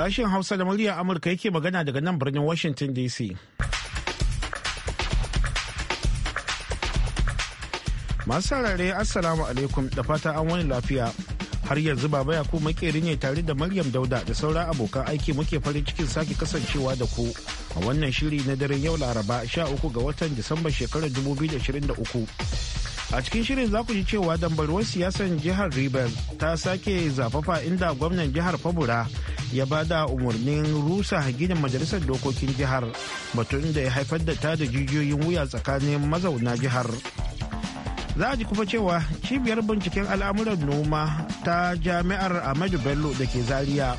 Sashen Hausa da murya Amurka yake magana daga nan birnin Washington DC. Masu sarare Assalamu alaikum da fata an wani lafiya. Har yanzu Baba ku makeri ne tare da Maryam Dauda da sauran abokan aiki muke farin cikin sake kasancewa da ku a wannan shiri na daren yau Laraba 13 ga watan Disamba shekarar 2023. a cikin shirin za ku ji cewa dambarwar siyasar jihar rivers ta sake zafafa inda gwamnan jihar fabura ya ba da umarnin rusa ginin majalisar dokokin jihar batun da ya haifar da ta da jijiyoyin wuya tsakanin mazauna jihar za a ji kuma cewa cibiyar binciken al'amuran noma ta jami'ar ahmadu bello da ke zaria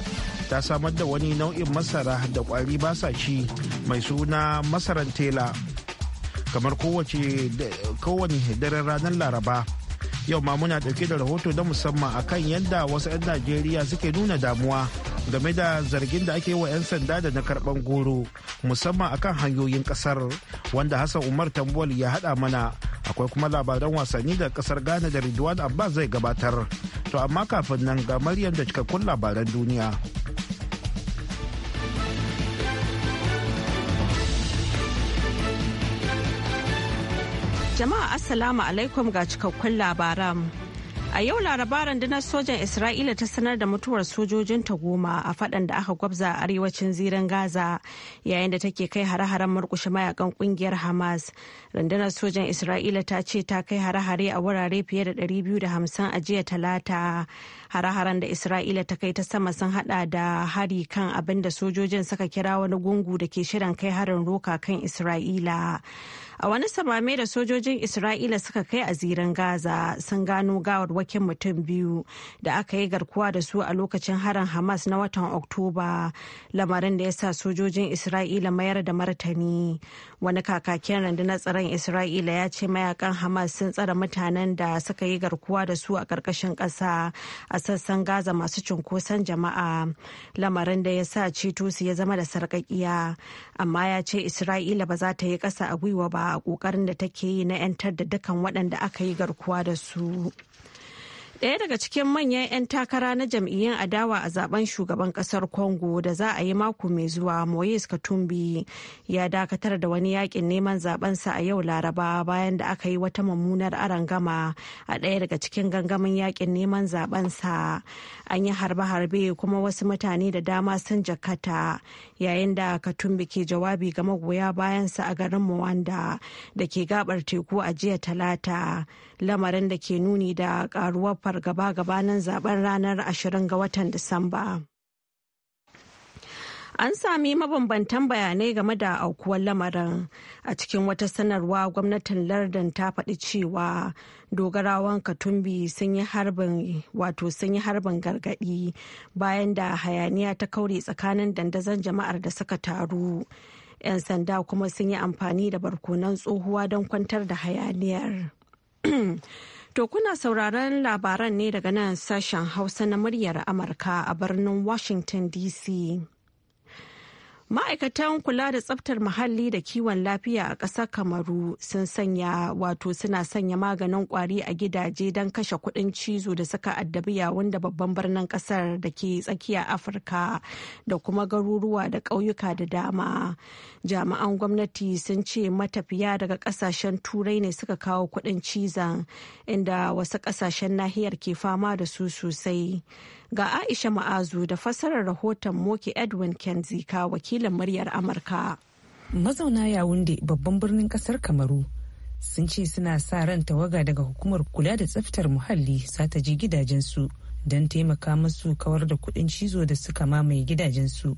ta samar da wani nau'in masara da kwari basa ci mai suna masaran tela kamar kowace kowane daren ranar laraba yau ma muna ɗauke da rahoto da musamman akan yadda wasu 'yan najeriya suke nuna damuwa game da zargin da ake wa 'yan sanda da na karban goro musamman akan hanyoyin kasar wanda hassan umar tambol ya haɗa mana akwai kuma labaran wasanni da kasar ghana da ridwan abba zai gabatar to amma kafin nan ga maryam da cikakkun labaran duniya Jama'a Assalamu alaikum ga cikakkun labaran. A yau laraba rundunar sojan Isra'ila ta sanar da mutuwar sojojinta goma a fadan da aka gwabza a arewacin zirin Gaza yayin da take kai hare-haren murkushe mayakan kungiyar Hamas. Rundunar sojan Isra'ila ta ce ta kai hare-hare a wurare fiye da 250 a jiya talata. Hare-haren da Isra'ila ta kai ta sama sun hada da hari kan abin da sojojin suka kira wani gungu da ke shirin kai harin roka kan Isra'ila. a wani samame da sojojin isra'ila suka kai a ziran gaza sun gano gawarwakin mutum biyu da aka yi garkuwa da su a lokacin harin hamas na watan oktoba lamarin da ya sa sojojin isra'ila mayar da martani wani kakakin rundunar tsaron isra'ila ya ce mayakan hamas sun tsara mutanen da suka yi garkuwa da su a ƙarƙashin ƙasa a sassan gaza masu cunkoson jama'a lamarin da ya sa ceto su ya zama da sarƙaƙiya amma ya ce isra'ila ba za ta yi ƙasa a gwiwa ba a ƙoƙarin da take yi na 'yantar da dukkan waɗanda aka yi garkuwa da su. Ɗaya daga cikin manyan 'yan takara na jam'iyyun adawa a zaben shugaban ƙasar Congo da za a yi mako mai zuwa Moise Katumbi ya dakatar da wani yakin neman zabensa a yau Laraba bayan da aka yi wata mummunar arangama a ɗaya daga cikin gangamin yakin neman zabensa. An yi harbe-harbe kuma wasu mutane da dama sun jakata yayin da Katumbi ke jawabi ga magoya bayansa a garin Mwanda da ke gabar teku a jiya Talata lamarin da ke nuni da karuwar gaba gabanin zaben ranar 20 ga watan Disamba. An sami mabambantan bayanai game da aukuwar lamarin a cikin wata sanarwa gwamnatin lardin ta faɗi cewa dogarawan katumbi sun yi harbin harbin gargaɗi bayan da hayaniya ta kauri tsakanin dandazon jama'ar da suka taru. 'Yan sanda kuma sun yi amfani da barkonan tsohuwa don kwantar da hayaniyar. To kuna sauraron labaran ne daga nan sashen Hausa na muryar Amurka a birnin Washington DC. ma'aikatan kula da tsaftar muhalli da kiwon lafiya a ƙasar kamaru sun sanya wato suna sanya maganin kwari a gidaje don kashe kuɗin cizo da suka addabi yawon da babban birnin ƙasar da ke tsakiya afirka da kuma garuruwa da ƙauyuka da dama jami'an gwamnati sun ce matafiya daga ƙasashen turai ne suka kawo kuɗin cizon inda wasu ƙasashen nahiyar ke fama da su sosai Ga Aisha Ma'azu da fasarar rahoton Moki Edwin Kenzika wakilin muryar Amurka. Mazauna Yawunde babban birnin kasar Kamaru sun ce suna sa ran tawaga daga hukumar kula da tsaftar muhalli za ta je gidajensu don taimaka masu kawar da kudin cizo da suka mamaye gidajensu.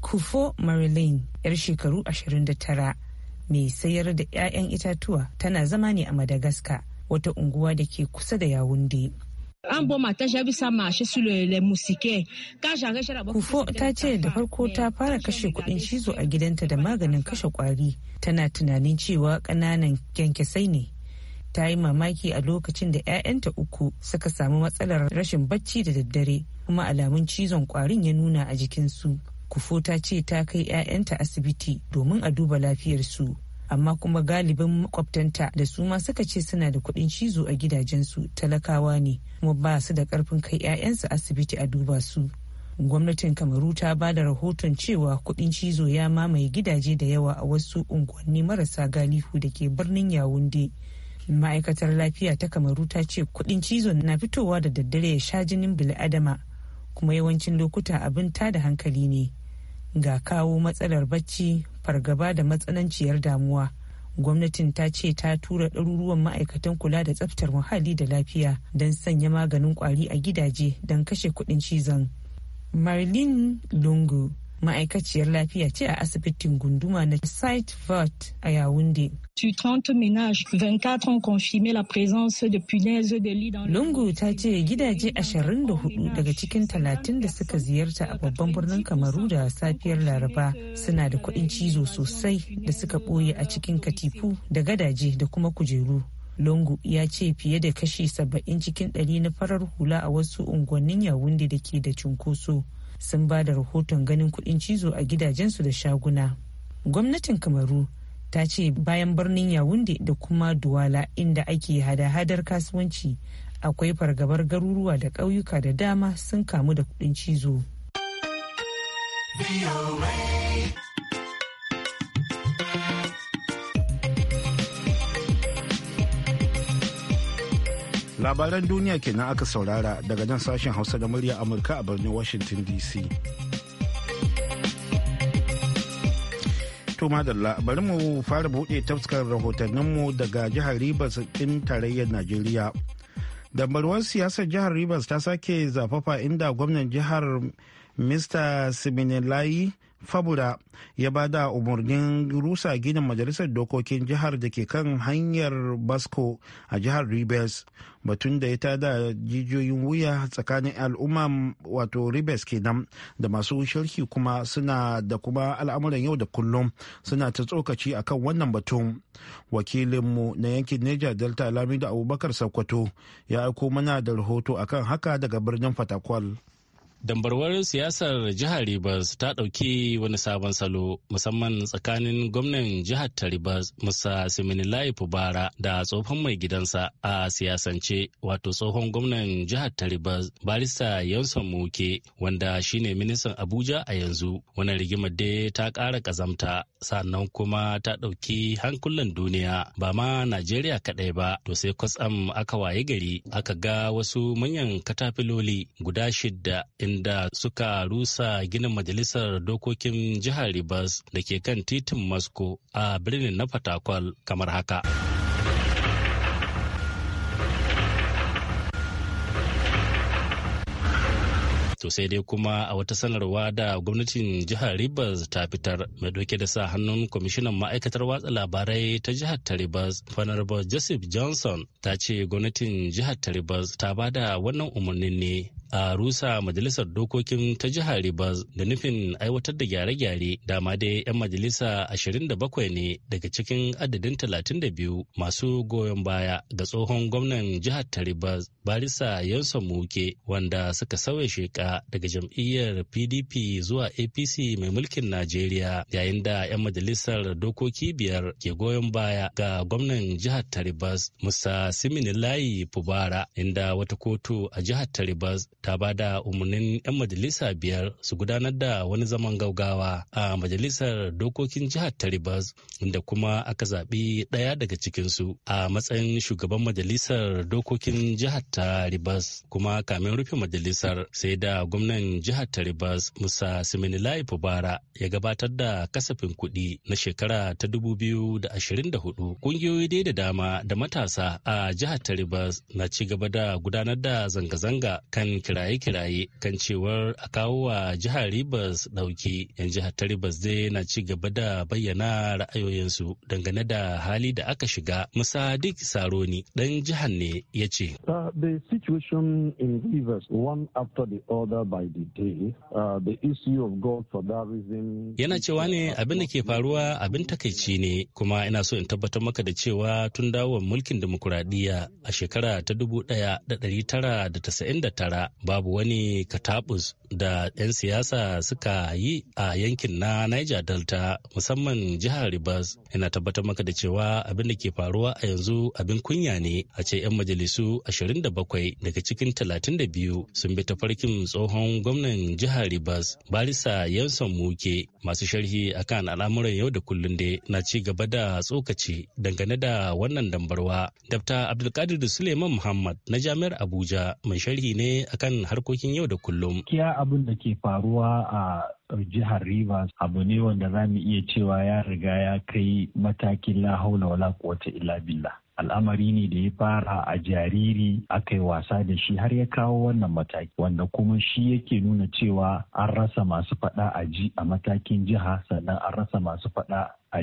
Kufo Marilyn, 'yar shekaru 29, mai sayar da 'ya'yan itatuwa tana zama ne a Madagascar, wata unguwa da ke kusa da Yawunde. Kufo ta ce da farko ta fara kashe kuɗin shizo a gidanta da maganin kashe kwari tana tunanin cewa ƙananan kyankyasai ne. Ta yi mamaki a lokacin da 'ya'yanta uku suka samu matsalar rashin bacci da daddare kuma alamun cizon kwarin ya nuna a jikin jikinsu. Kufo ta ce ta kai 'ya'yanta asibiti domin a duba lafiyarsu amma kuma galibin makwabtanta da su ma suka ce suna da kuɗin cizo a gidajensu talakawa ne kuma ba su da ƙarfin kai 'ya'yansu asibiti a duba su gwamnatin kamaru ta ba da rahoton cewa kuɗin cizo ya mamaye gidaje da yawa a wasu unguwanni marasa galihu da ke birnin yawunde ma'aikatar lafiya ta kamaru ta ce kuɗin cizo na fitowa da daddare ya sha jinin bil'adama kuma yawancin lokuta abin ta da hankali ne ga kawo matsalar bacci fargaba da matsananciyar damuwa gwamnatin ta ce ta tura ɗaruruwan ma'aikatan kula da tsaftar muhalli da lafiya don sanya maganin kwari a gidaje don kashe kuɗin cizon. marlin Lungu ma'aikaciyar lafiya ce a asibitin gunduma na site vert a yawunde la de Lungu ta ce gidaje 24 daga cikin 30 da suka ziyarta a babban birnin Kamaru da safiyar Laraba suna da kuɗin cizo sosai da suka ɓoye a cikin katifu da gadaje da kuma kujeru. Lungu ya ce fiye da kashi saba'in cikin ɗari na farar hula a wasu unguwannin Yawunde da ke da cunkoso. sun ba da rahoton ganin kuɗin cizo a gidajensu da shaguna gwamnatin kamaru ta ce bayan birnin yawunde da kuma duwala inda ake hada-hadar kasuwanci akwai fargabar garuruwa da ƙauyuka da dama sun kamu da kuɗin cizo. labaran duniya kenan aka saurara daga nan sashen hausa da murya amurka a birnin washington dc to madalla bari mu fara buɗe rahotannin rahotanninmu daga jihar rivers ɗin tarayyar najeriya dambarwar siyasar jihar rivers ta sake zafafa inda gwamnan jihar mr siminilayi fabura ya ba da umarnin rusa ginin majalisar dokokin jihar da ke kan hanyar basco a jihar ribes batun da ya tada jijiyoyin wuya tsakanin al'umma wato ribes kenan da masu shirki kuma suna da kuma al'amuran yau da kullum suna ta tsokaci a kan wannan batun wakilinmu na yankin neja delta lamido abubakar sokoto ya aiko mana da rahoto akan haka daga birnin fatakwal. dambarwar siyasar jihar Rivers ta ɗauki wani sabon salo musamman tsakanin gwamnan jihar ta Rivers Musa Siminalayi Fubara da tsohon mai gidansa a siyasance wato tsohon gwamnan jihar ta Rivers barista Yonson Muke wanda shine ministan Abuja a yanzu. wani rigimar dai ta ƙara ƙazamta sannan kuma ta ɗauki hankulan duniya ba ma Najeriya kaɗai ba to sai kwatsam aka waye gari aka ga wasu manyan katafiloli guda shidda in waɗanda suka rusa ginin majalisar dokokin jihar Ribas da ke kan titin Moscow a birnin na Fatakwal kamar haka. to sai dai kuma a wata sanarwa da gwamnatin jihar Ribas ta fitar mai dauke da sa hannun kwamishinan ma'aikatar watsa labarai ta jihar ta rivers fanarbar joseph johnson ta ce gwamnatin jihar ta rivers ta ba da wannan umarnin ne a rusa majalisar dokokin ta jihar Ribas da nufin aiwatar da gyare-gyare dama dai 'yan majalisa 27 ne daga cikin adadin 32 masu goyon baya ga tsohon gwamnan jihar ta rivers barisa yansa muke wanda suka sauya sheka daga jam'iyyar PDP zuwa APC mai mulkin Najeriya yayin da 'yan majalisar dokoki biyar ke goyon baya ga gwamnan jihar Taribas Musa siminilayi Fubara inda wata kotu a jihar Taribas ta ba da umarnin 'yan majalisa biyar su gudanar da wani zaman gaugawa a majalisar dokokin jihar Taribas inda kuma aka zaɓi ɗaya daga cikinsu a matsayin shugaban majalisar dokokin jihar Taribas kuma kamin rufe majalisar sai da gwamnan jihar taribas musa siminilai fubara ya gabatar da kasafin kuɗi na shekara ta 2024 ƙungiyoyi dai da dama da matasa a jihar taribas na ci gaba da gudanar da zanga-zanga kan kiraye-kiraye kan cewar a kawo wa jihar ribas ɗauki yan jihar taribas dai na ci gaba da bayyana ra'ayoyinsu dangane da hali da aka shiga musa dik saroni dan jihar ne ya ce uh, the situation in rivers one after the other Uh, Yana cewa ne uh, abin da ke faruwa abin takaici ne kuma ina so in tabbatar maka da cewa tun dawowar mulkin demokuraɗiyya a shekara ta 1999 babu wani katabus da 'yan siyasa suka yi a yankin na Niger Delta musamman jihar Rivers. Ina tabbatar maka da cewa abin da ke faruwa a yanzu abin kunya ne a ce 'yan majalisu 27 daga cikin 32 sun bi tafarkin tsohon gwamnan jihar Rivers Barisa Yansan Muke masu sharhi akan al'amuran yau da kullum da na ci gaba da tsokaci dangane da wannan dambarwa. Dr. Abdulkadir Suleiman Muhammad na Jami'ar Abuja mai sharhi ne akan harkokin yau da kullum. Kiya abin da ke faruwa a jihar Rivers abu ne wanda za mu iya cewa ya riga ya kai matakin la haula wala quwwata illa billah. al'amari ne da ya fara a jariri aka yi wasa da shi har ya kawo wannan mataki wanda kuma shi yake nuna cewa an rasa masu faɗa a ji a matakin jiha sannan an rasa masu faɗa a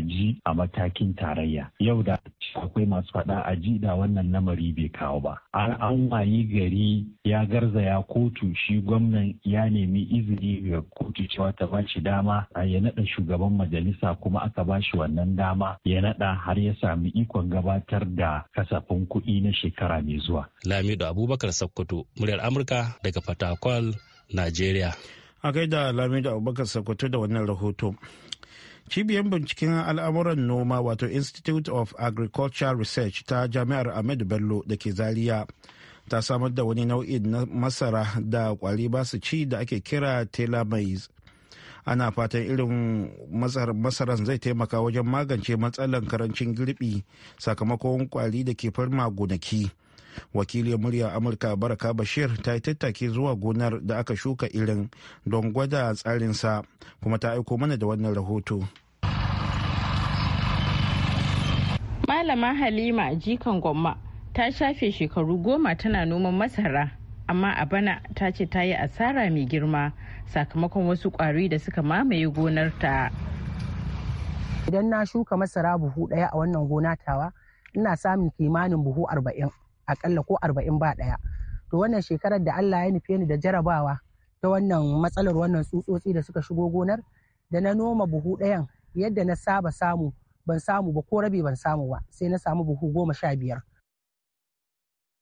a matakin tarayya yau da akwai masu faɗa a da wannan lamari bai kawo ba an an wayi gari ya garzaya kotu shi gwamnan ya nemi izini ga kotu cewa ta ba shi dama ya naɗa shugaban majalisa kuma aka ba shi wannan dama ya naɗa har ya sami ikon gabatar da kasafin kuɗi na shekara mai zuwa. Lamido Abubakar Sokoto, muryar Amurka daga Fatakwal, Najeriya. A gaida Lamido Abubakar Sokoto da wannan rahoto. cibiyar binciken al'amuran noma wato institute of agriculture research ta jami'ar ahmed bello da ke zaria ta samar da wani nau'i na masara da kwari ba su ci da ake kira tela maize ana fatan irin masaran zai taimaka wajen magance matsalar karancin girbi sakamakon kwari da ke farma gonaki wakiliyar murya amurka baraka bashir ta yi tattaki zuwa gonar da aka shuka irin don gwada tsarinsa kuma ta aiko mana da wannan rahoto malama halima jikan gwamma ta shafe shekaru goma tana noman masara amma a bana ta ce ta yi asara mai girma sakamakon wasu kwari da suka mamaye gonar ta idan na shuka masara buhu daya a wannan gona tawa ina samun kimanin buhu arba'in aƙalla ko arba'in ba ɗaya to wannan shekarar da Allah ya nufe ni da jarabawa ta wannan matsalar wannan tsutsotsi da suka shigo gonar da na noma buhu ɗayan yadda na saba samu ban samu ba ko rabi ban samu ba sai na samu buhu goma sha biyar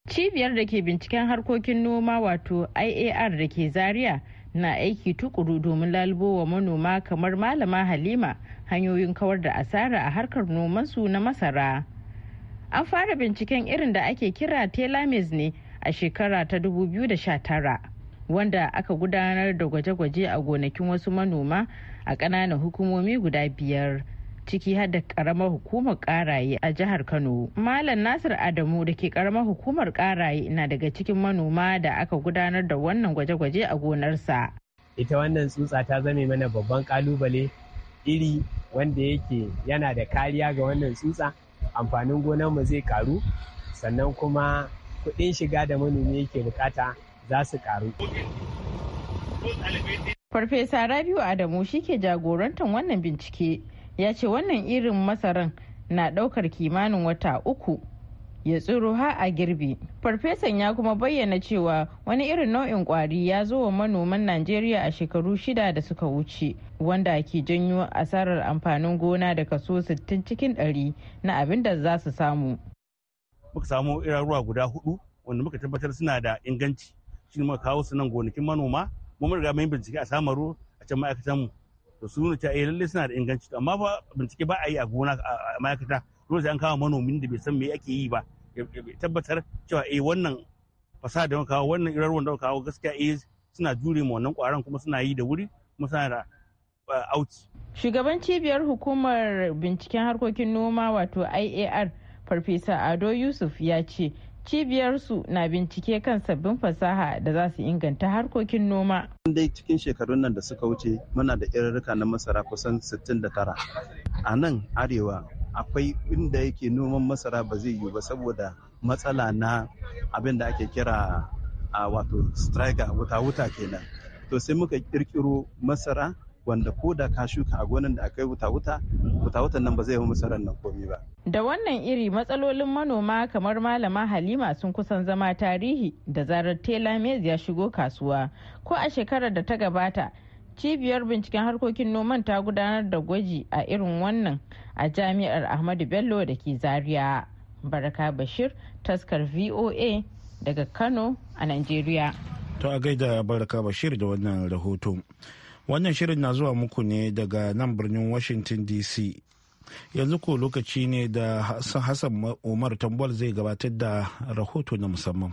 cibiyar da ke binciken harkokin noma wato iar da ke zaria na aiki tukuru domin lalubo manoma kamar malama halima hanyoyin kawar da asara a harkar nomansu na masara an fara binciken irin da ake kira telamis ne a shekara ta 2019 wanda aka gudanar da gwaje-gwaje a gonakin wasu manoma a ƙananan hukumomi guda biyar ciki har da ƙaramar hukumar ƙaraye a jihar kano malam nasir adamu da ke karamar hukumar ƙaraye na daga cikin manoma da aka gudanar da wannan gwaje-gwaje a gonarsa ita wannan tsutsa ta zame mana babban ƙalubale iri wanda yake yana da kariya ga wannan tsutsa amfanin gonarmu zai ƙaru sannan kuma kuɗin shiga da manomi yake buƙata za su ƙaru. Farfesa Rabiu Adamu shi ke jagorantar wannan bincike ya ce wannan irin masaran na ɗaukar kimanin wata uku ya tsiro har a girbi. Farfesan ya kuma bayyana cewa wani irin nau'in kwari ya zo wa manoman Najeriya a shekaru shida da suka wuce, wanda ke janyo asarar amfanin gona da kaso 60 cikin 100 na abin da za su samu. Muka samu ruwa guda hudu wanda muka tabbatar suna da inganci shi muka kawo su nan gonakin manoma mun riga mun bincike a samaru a can ma'aikatanmu to su nuna cewa eh suna da inganci amma ba bincike ba a yi a gona a ma'aikata dole sai an kama manomin da bai san me ake yi ba tabbatar cewa eh wannan fasaha da kawo wannan irarwan da kawo gaskiya eh suna jure ma wannan kwaran kuma suna yi da wuri kuma suna da eh, auki shugaban cibiyar hukumar binciken harkokin noma wato IAR farfesa Ado Yusuf ya ce cibiyarsu na bincike kan sabbin fasaha da za su inganta harkokin noma. dai cikin shekarun nan da suka wuce muna da irarruka na masara kusan 69 a nan arewa akwai inda yake noman masara ba zai yi ba saboda matsala na abin da ake kira a wato striker wuta-wuta kenan to sai muka kirkiro masara wanda ko da ka shuka a gonan da yi wuta wuta wuta wutan nan ba zai yi musarar nan komi ba da wannan iri matsalolin manoma kamar malama halima sun kusan zama tarihi da zarar tela mez ya shigo kasuwa ko a shekarar da ta gabata cibiyar binciken harkokin noman ta gudanar da gwaji a irin wannan a jami'ar ahmadu bello da ke zaria baraka bashir taskar voa daga kano a nigeria ta gaida baraka bashir da wannan rahoton. Wannan shirin na zuwa muku ne daga nan birnin Washington DC. Yanzu ko lokaci ne da Hassan Umar Tambol zai gabatar da rahoto na musamman.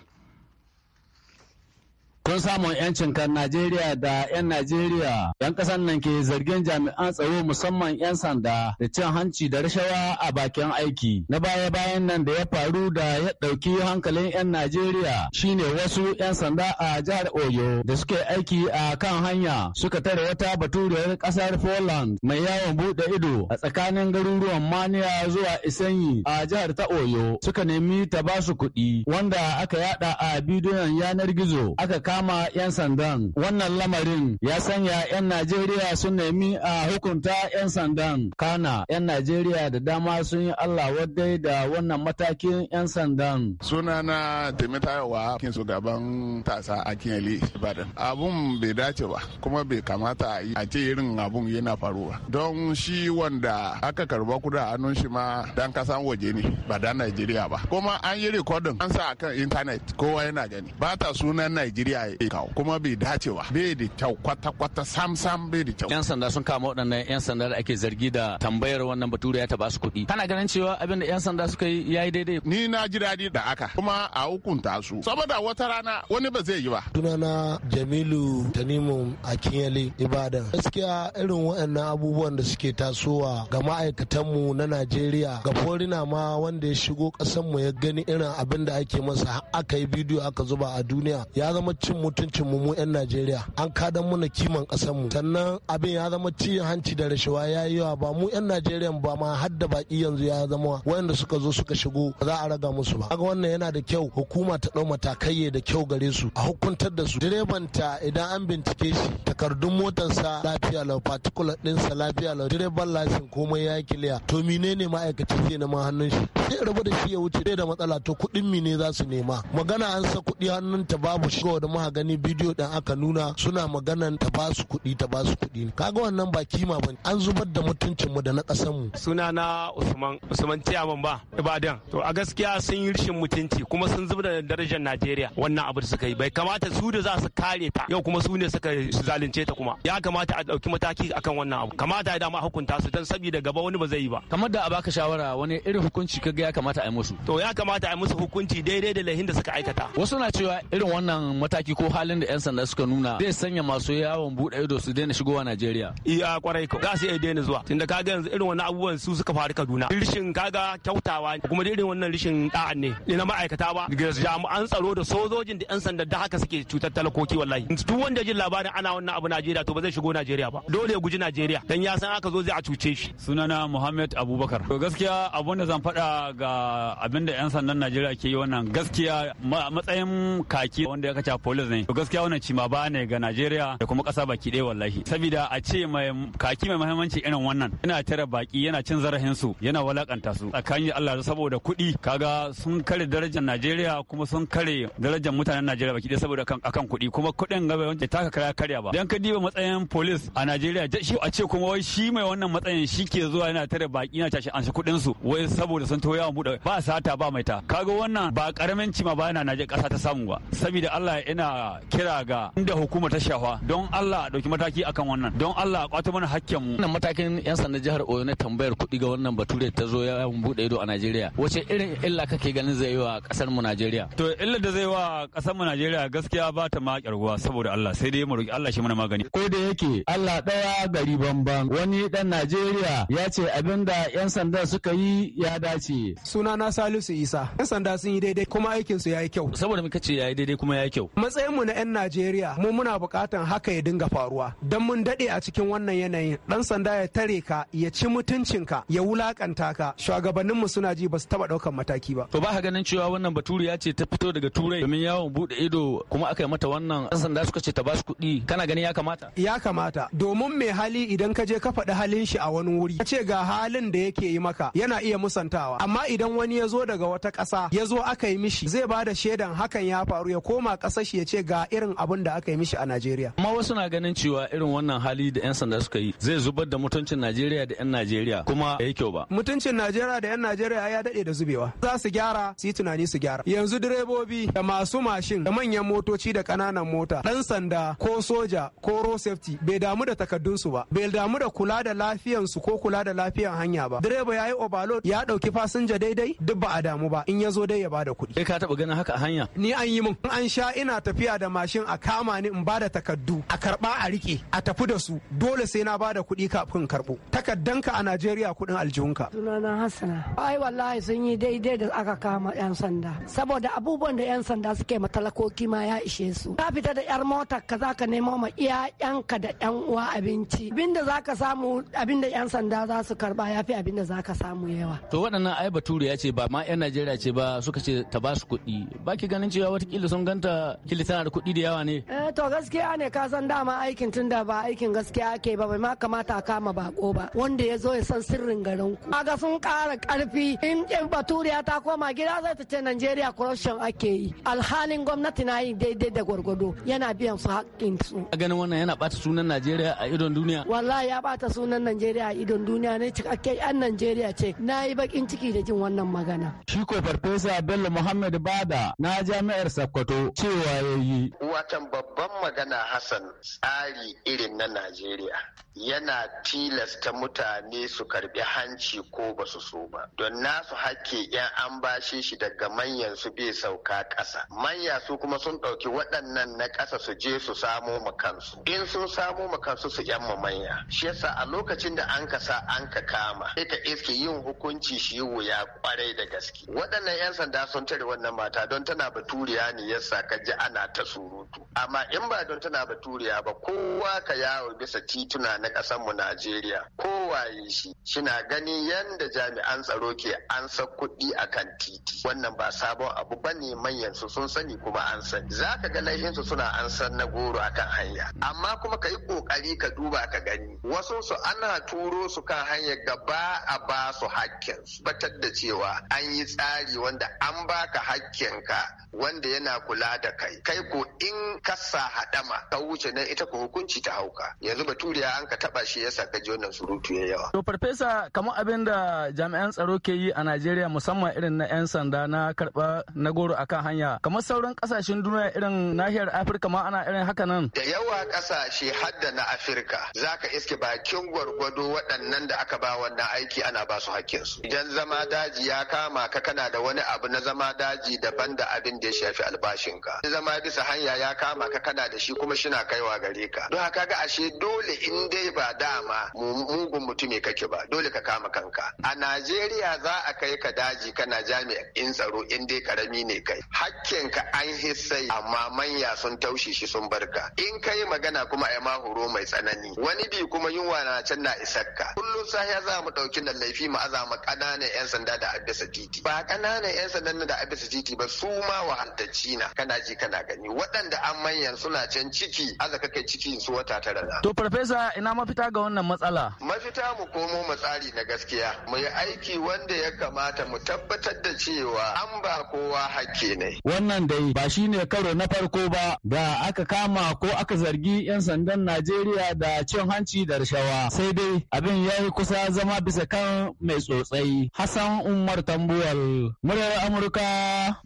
Kun samun 'yancin kan Najeriya da 'yan Najeriya, 'yan ƙasar nan ke zargin jami'an tsaro musamman 'yan sanda da cin hanci da rashawa a bakin aiki. Na baya-bayan nan da ya faru da ya ɗauki hankalin 'yan Najeriya shine wasu 'yan sanda a jihar Oyo da suke aiki a kan hanya suka tare wata baturiyar ƙasar Poland mai yawon buɗe ido a tsakanin garuruwan Maniya zuwa Isanyi a jihar ta Oyo suka nemi ta basu kuɗi wanda aka yada a bidiyon yanar gizo aka kama 'yan sandan. Wannan lamarin ya sanya 'yan Najeriya sun nemi a hukunta 'yan sandan. Kana 'yan Najeriya da dama sun yi Allah wadai da wannan matakin 'yan sandan. Sunana Temitayowa kin gaban tasa a Kinyali Ibadan. Abun bai dace ba kuma bai kamata a ce irin abun yana faruwa. Don shi wanda aka karba kuda hannun shi ma dan kasan waje ne ba dan Najeriya ba. Kuma an yi rikodin an sa akan intanet kowa yana gani. Ba ta sunan Najeriya a kawo kuma bai dace ba bai da kyau kwata-kwata sam-sam bai da kyau. yan sanda sun kama waɗannan yan sanda da ake zargi da tambayar wannan bature ya taba su kuɗi kana ganin cewa abin da yan sanda suka yi ya yi daidai. ni na ji daɗi da aka kuma a hukunta su saboda wata rana wani ba zai yi ba. na jamilu tanimu akinyele ibadan gaskiya irin waɗannan abubuwan da suke tasowa ga ma'aikatanmu na najeriya ga forina ma wanda ya shigo ƙasanmu ya gani irin abin da ake masa aka yi bidiyo aka zuba a duniya ya zama cin cin mutuncin mu mu 'yan Najeriya an kada muna kiman kasar mu sannan abin ya zama cin hanci da rashawa ya yi yawa ba mu 'yan Najeriya ba ma har da baki yanzu ya zama wayanda suka zo suka shigo ba za a raga musu ba kaga wannan yana da kyau hukuma ta ɗau matakai da kyau gare su a hukuntar da su direban ta idan an bincike shi takardun motarsa lafiya lau particular ɗinsa lafiya lau direban lasin komai ya kiliya to menene ma'aikaci zai neman hannun shi sai rabu da shi ya wuce da matsala to kuɗin mine za su nema magana an sa kuɗi hannun ta babu shigo da a gani bidiyo ɗin aka nuna suna maganan ta ba su kuɗi ta ba su kuɗi kaga wannan ba kima ba. an zubar da mutuncin mu da na ƙasar mu suna na Usman Usman Tiyaman ba Ibadan to a gaskiya sun yi rashin mutunci kuma sun zubar da darajar Najeriya wannan abu da suka yi bai kamata su da za su kare ta yau kuma su ne suka zalunce ta kuma ya kamata a ɗauki mataki akan wannan abu kamata ya dama hukunta su don saboda gaba wani ba zai yi ba kamar da a baka shawara wani irin hukunci kaga ya kamata a yi musu to ya kamata a yi musu hukunci daidai da lahin da suka aikata wasu na cewa irin wannan mataki mataki ko halin da 'yan sanda suka nuna zai sanya masu yawon buɗe ido su daina shigowa Najeriya. Iya kwarai ko. Za su iya daina zuwa. Tunda kaga yanzu irin wannan abubuwan su suka faru Kaduna. Rishin kaga kyautawa kuma da irin wannan rishin da'an ne. Na ma'aikata ba. Jami'an tsaro da sojojin da 'yan sanda da haka suke cutar talakoki wallahi. Duk wanda jin labarin ana wannan abu Najeriya to ba zai shigo Najeriya ba. Dole ya guji Najeriya. Dan ya san aka zo zai a cuce shi. Sunana Muhammad Abubakar. To gaskiya abun da zan faɗa ga abin da 'yan sandan Najeriya ke yi wannan gaskiya matsayin kaki wanda ya kaca police ne to gaskiya wannan ci ma ba ne ga Najeriya da kuma kasa baki ɗaya wallahi saboda a ce mai kaki mai muhimmanci irin wannan yana tare baki yana cin zarafin su yana walakanta su tsakanin Allah saboda kuɗi kaga sun kare darajar Najeriya kuma sun kare darajar mutanen Najeriya baki ɗaya saboda kan akan kuɗi kuma kuɗin gaba wanda taka kara karya ba dan ka diba matsayin police a Najeriya shi a ce kuma wai shi mai wannan matsayin shi ke zuwa yana tare baki yana tashi an shi kuɗin su wai saboda sun toya buɗe ba sata ba mai ta kaga wannan ba karamin cima ba yana Najeriya ƙasa ta samu ba saboda Allah yana muna kira ga inda hukumar ta shafa don Allah a ɗauki mataki akan wannan don Allah a kwato mana hakkan mu. Wannan matakin 'yan sanda jihar Oyo na tambayar kuɗi ga wannan bature ta zo ya buɗe ido a Najeriya. Wace irin illa kake ganin zai yi wa ƙasar mu Najeriya? To illa da zai wa ƙasar mu Najeriya gaskiya ba ta ma ƙyarguwa saboda Allah sai dai mu roƙi Allah shi mana magani. Ko da yake Allah ɗaya gari bamban wani ɗan Najeriya ya ce abinda 'yan sanda suka yi ya dace. Sunana Salisu Isa. 'Yan sanda sun yi daidai kuma aikinsu ya yi kyau. Saboda muka ce ya yi daidai kuma ya yi kyau. matsayinmu na 'yan najeriya mu muna bukatan haka ya dinga faruwa don mun daɗe a cikin wannan yanayin ɗan sanda ya tare ka ya ci mutuncinka ya wulakanta ka shugabanninmu suna ji ba su taɓa ɗaukan mataki ba. to ba ka ganin cewa wannan baturiya ce ta fito daga turai domin yawon buɗe ido kuma aka yi mata wannan ɗan sanda suka ce ta ba su kuɗi kana ganin ya kamata. ya kamata domin mai hali idan ka je ka faɗi halin shi a wani wuri ce ga halin da yake yi maka yana iya musantawa amma idan wani ya zo daga wata ƙasa ya zo aka yi mishi zai ba da shaidan hakan ya faru ya koma ƙasar shi ya ce ga irin abun da aka yi mishi a Najeriya. Amma wasu na ganin cewa irin wannan hali da 'yan sanda suka yi zai zubar da mutuncin Najeriya da 'yan Najeriya kuma ya yi kyau ba. Mutuncin Najeriya da 'yan Najeriya ya daɗe da zubewa. Za su gyara su yi tunani su gyara. Yanzu direbobi da masu mashin da manyan motoci da ƙananan mota ɗan sanda ko soja ko road safety bai damu da takardunsu ba. Bai damu da kula da lafiyansu ko kula da lafiyan hanya ba. Direba ya yi overload ya ɗauki fasinja daidai duk ba a damu ba in ya zo dai ya bada kuɗi. Kai ka taɓa ganin haka a hanya? Ni an yi min. An sha ina ta tafiya da mashin a kama ni in bada takardu a karba a rike a tafi da su dole sai na bada kuɗi kafin karbo takardanka a Najeriya kuɗin aljihunka sunana Hassana ai wallahi sun yi daidai da aka kama yan sanda saboda abubuwan da yan sanda suke matalakoki ma ya ishe su ka fita da yar mota ka zaka nemo ma iya yanka da yan uwa abinci abinda zaka samu abinda yan sanda za su karba ya yafi abinda zaka samu yawa to waɗannan ai bature ya ce ba ma yan Najeriya ce ba suka ce ta ba su kuɗi ba ki ganin cewa watakila sun ganta kila tana da kuɗi da yawa ne eh to gaskiya ne ka san dama aikin tun da ba aikin gaskiya ake ba bai ma kamata a kama bako ba wanda ya zo ya san sirrin garin ku kaga sun ƙara ƙarfi in baturiya ta koma gida zai ta ce Najeriya corruption ake yi alhalin gwamnati na yi daidai da gwargwado yana biyan su haƙƙin su a ganin wannan yana bata sunan Najeriya a idon duniya wallahi ya ɓata sunan Najeriya a idon duniya ne cikakke yan Najeriya ce na yi bakin ciki da jin wannan magana Shiko farfesa Bello Muhammad Bada na jami'ar Sokoto cewa yi. Watan babban magana Hassan tsari irin na Najeriya yana tilasta mutane su karbi hanci ko ba su so ba. Don nasu hakke yan an bashe shi daga manyan su bai sauka ƙasa. Manya su kuma sun ɗauki waɗannan na ƙasa su je su samo ma kansu. In sun samo ma su yan manya. Shi yasa a lokacin da an kasa, sa an ka kama. Ita iske yin hukunci shi wuya kwarai da gaske. Waɗannan 'yan sanda sun tare wannan mata don tana baturiya ne yasa ka ji ana ta surutu amma in ba don tana baturiya ba kowa ka yawo bisa tituna na ƙasar mu Najeriya kowaye shi shina gani yanda jami'an tsaro ke ansa kuɗi akan titi wannan ba sabon abu bane manyan su sun sani kuma an sani zaka ga laihin su suna san na goro akan hanya amma kuma ka yi kokari ka duba ka gani wasu su ana turo su kan hanya gaba a ba su hakkin su batar da cewa an yi tsari wanda an baka hakkin ka wanda yana kula da kai kai ko in ka sa hadama ka wuce nan ita ko hukunci ta hauka yanzu Bature an ka taba shi yasa ka ji wannan surutu ya yawa to farfesa kamar abin da jami'an tsaro ke yi a Najeriya musamman irin na 'yan sanda na karba na goro akan hanya kamar sauran kasashen duniya irin nahiyar Afirka ma ana irin haka nan da yawa kasashe hadda na Afirka zaka iske bakin gwargwado waɗannan da aka ba wannan aiki ana ba su hakkinsu idan zama daji ya kama ka kana da wani abu na zama daji daban da abin da ya shafi albashinka zama bisa hanya ya kama ka kana da shi kuma shina kaiwa gare ka don haka ga ashe dole in dai ba dama mugun mutume kake ba dole ka kama kanka a Najeriya za a kai ka daji kana jami'in tsaro in dai karami ne kai hakkin ka an hissai amma manya sun taushe shi sun bar ka in kai magana kuma ai mahoro mai tsanani wani bi kuma yunwa na can na isakka kullum sahiya za mu dauki da laifi mu azama kananan yan sanda da abisa titi ba kananan yan sanda da abisa titi ba su ma wahaltacci na kana ji kana gani waɗanda an manyan suna can ciki zaka kai ciki su wata tara da To farfesa ina mafita ga wannan matsala? Mafita mu komo mu tsari na gaskiya mu yi aiki wanda ya kamata mu tabbatar da cewa an ba kowa hakki ne. Wannan dai ba shine karo na farko ba da aka kama ko aka zargi 'yan sandan Najeriya da cin hanci da rashawa sai dai abin ya yi kusa zama bisa kan mai tsotsai. Hassan Umar Tambuwal, muryar Amurka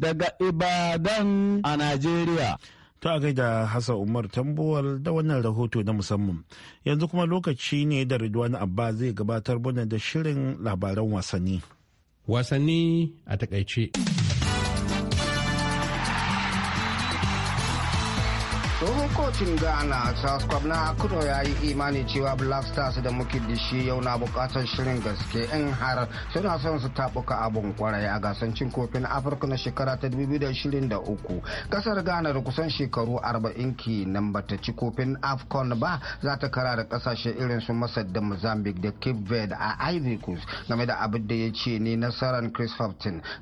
daga Ibadan a Najeriya. Najeriya. a gaida Hassan Umar tambuwar da wannan rahoto na musamman. Yanzu kuma lokaci ne da Ridwan Abba zai gabatar mana da shirin labaran wasanni. Wasanni a takaice. Tsohon kocin ghana south club na kuno ya yi imani cewa black stars da muke da shi yau na bukatar shirin gaske in har suna son su tabuka abun kwarai a gasar cin kofin afirka na shekara ta 2023 kasar ghana da kusan shekaru 40 ki nan bata ci kofin afcon ba za ta kara da kasashe irin su masar da mozambique da cape verde a ivory coast game da abin da ya ce ne nasarar chris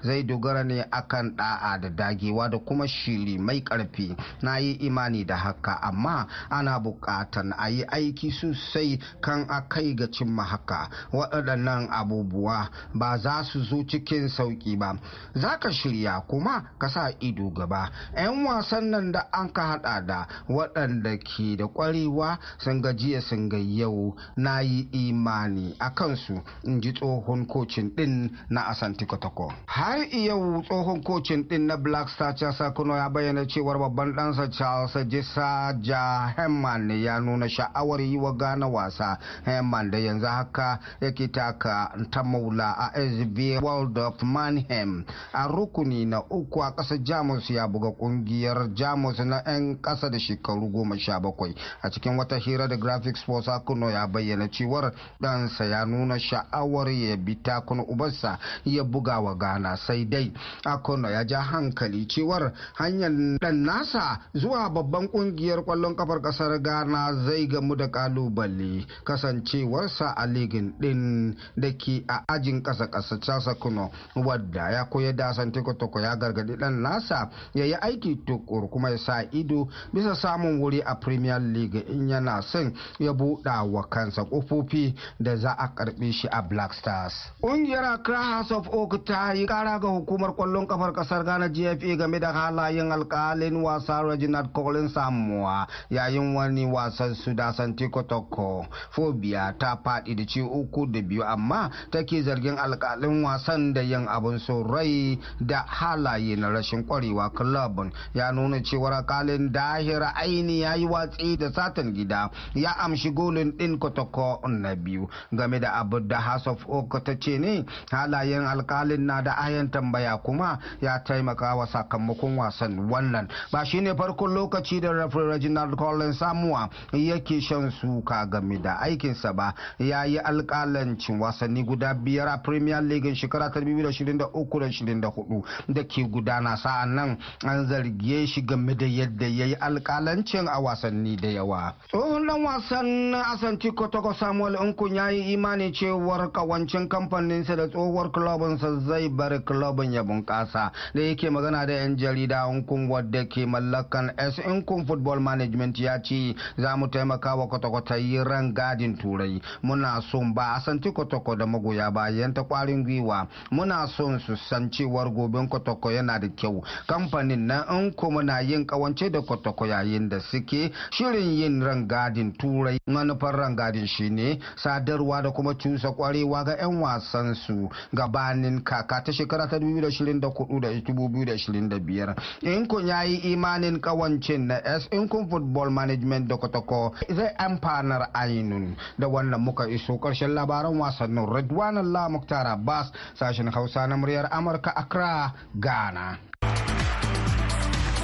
zai dogara ne akan da'a da dagewa da kuma shiri mai karfi na yi imani da haka haka amma ana bukatan a yi aiki sosai kan a kai ga cimma haka waɗannan abubuwa ba za su zo cikin sauƙi ba za ka shirya kuma ka sa ido gaba 'yan wasan nan da an ka haɗa da waɗanda ke da ƙwarewa sun gajiya sun ga yau na yi imani a kansu in ji tsohon kocin ɗin na asanti kotoko har yau tsohon kocin ɗin na black star kuno ya bayyana cewar babban ɗansa charles jisa a ja Herman ya nuna sha'awar yi wa Ghana wasa. Herman da yanzu haka yake taka ta maula a SB World of Mannheim. A rukuni na uku a ƙasar Jamus ya buga ƙungiyar Jamus na 'yan ƙasa da shekaru goma sha bakwai. A cikin wata hira da Graphic Sports Akuno ya bayyana cewar ɗansa ya nuna sha'awar ya bi takun ubarsa ya buga wa gana sai dai Akuno ya ja hankali cewar hanyar ɗan nasa zuwa babban ƙungiyar kungiyar kwallon kafar kasar ghana zai gamu da kalubale kasancewarsa a ligin din da ke a ajin kasa kasa casa kuno wadda ya koya da san kotoko ya gargadi dan nasa ya yi aiki tukur kuma ya sa ido bisa samun wuri a premier league in yana son ya buɗa wa kansa kofofi da za a karbe shi a black stars kungiyar accra of oak ta yi kara ga hukumar kwallon kafar kasar ghana gfa game da halayen alkalin wasa reginald collins sam damuwa yayin wani wasan su da tikotoko fobia ta faɗi da ci uku da biyu amma take zargin alƙalin wasan da yin abun son rai da halaye na rashin kwarewa club ya nuna cewar alƙalin dahira aini ya yi watsi da satan gida ya amshi golin ɗin kotoko na biyu game da abu da house of oak ta ce ne halayen alƙalin na da ayan tambaya kuma ya taimaka wa sakamakon wasan wannan ba shine farkon lokaci da reginald collins samuwa yake shan suka game da aikinsa ba ya yi alkalancin wasanni guda biyar a premier league shekara ta 2023 da ke gudana sa'an nan an zarge shi game da yadda ya yi alkalancin a wasanni da yawa tsohon dan wasan asanti kotoko samuel nkun ya yi imani cewar kawancin kamfaninsa da tsohuwar klubinsa zai bar kulobin ya bunƙasa da yake magana da 'yan jarida nkun wadda ke mallakan s nkun football football management ya ce za mu taimaka wa kwata-kwata yi ran gadin turai muna son ba a santi kwata da magoya bayan ta kwarin gwiwa muna son su san cewar gobin kwata yana da kyau kamfanin na in kuma na yin kawance da kwata yayin da suke shirin yin ran gadin turai manufar ran gadin shine sadarwa da kuma cusa kwarewa ga 'yan wasan su gabanin kaka ta shekara ta 2024 da 2025 in kun yayi imanin kawancin na s in kun football management da kotoko zai amfanar ainun da wannan muka iso karshen labaran wasannin Redwan Allah Muktar Abbas sashen Hausa na muryar Amurka Accra Ghana.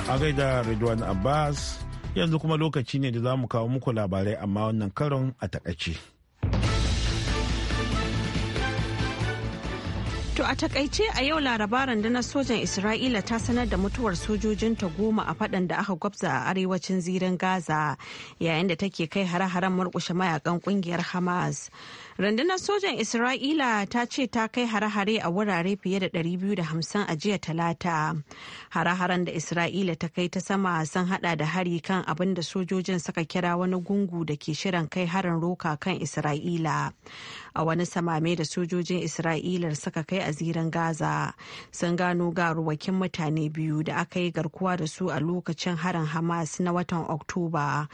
A gaida Redwan Abbas yanzu kuma lokaci ne da za mu kawo muku labarai amma wannan karon a takaice. To a takaice a yau laraba na sojan Isra'ila ta sanar da mutuwar sojojinta goma a faɗan da aka gwabza a arewacin zirin Gaza yayin da take kai hare-haren murkushe mayakan kungiyar Hamas. Rundunar sojan Isra'ila ta ce ta kai hare-hare a wurare fiye da 250 a jiya talata. Hare-haren da Isra'ila ta kai ta sama sun hada da hari kan abin da sojojin suka kira wani gungu da ke shirin kai harin roka kan Isra'ila. A wani samame da sojojin Isra'ila suka kai a zirin Gaza sun gano garuwakin mutane biyu da aka yi garkuwa da su a lokacin harin Hamas na watan Oktoba,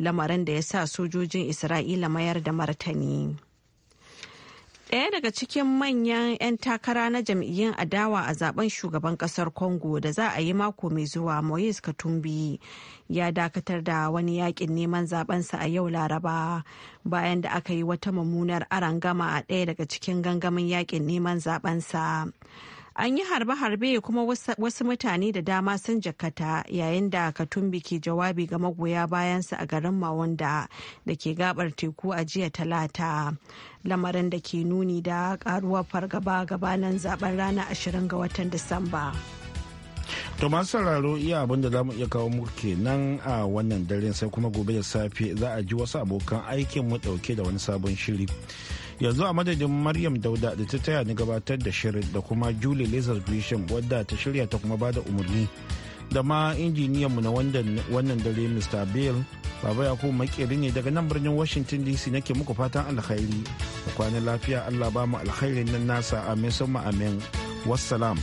lamarin da ya sa sojojin Isra'ila mayar da martani. Ɗaya daga cikin manyan 'yan takara na jam'iyyun adawa a zaben shugaban ƙasar Congo da za a yi mako mai zuwa Moise Katumbi ya dakatar da wani yakin neman zabensa a yau Laraba bayan da aka yi wata mummunar arangama a ɗaya daga cikin gangamin yakin neman zabensa. An yi harbe-harbe kuma wasu mutane da dama sun jakata yayin da Katumbi ke jawabi ga magoya bayansa a garin Mawanda da ke gabar teku a jiya talata. Lamarin da ke nuni da karuwar fargaba gabanin zaben rana 20 ga watan Disamba. To masu sauraro iya abin da zamu iya kawo muku kenan a wannan daren sai kuma gobe da safe za a ji wasu abokan aikin mu dauke da wani sabon shiri. yanzu a madadin maryam dauda da ta taya ni gabatar da shirin da kuma julie lizard grisham wadda ta shirya ta kuma bada umarni da ma injiniyanmu na wannan dare mr bill baba yakubu makeri ne daga nan birnin washington dc nake muku fatan alkhairi da kwanan lafiya allah ba mu alkhairin nan nasa amin sun amin wassalam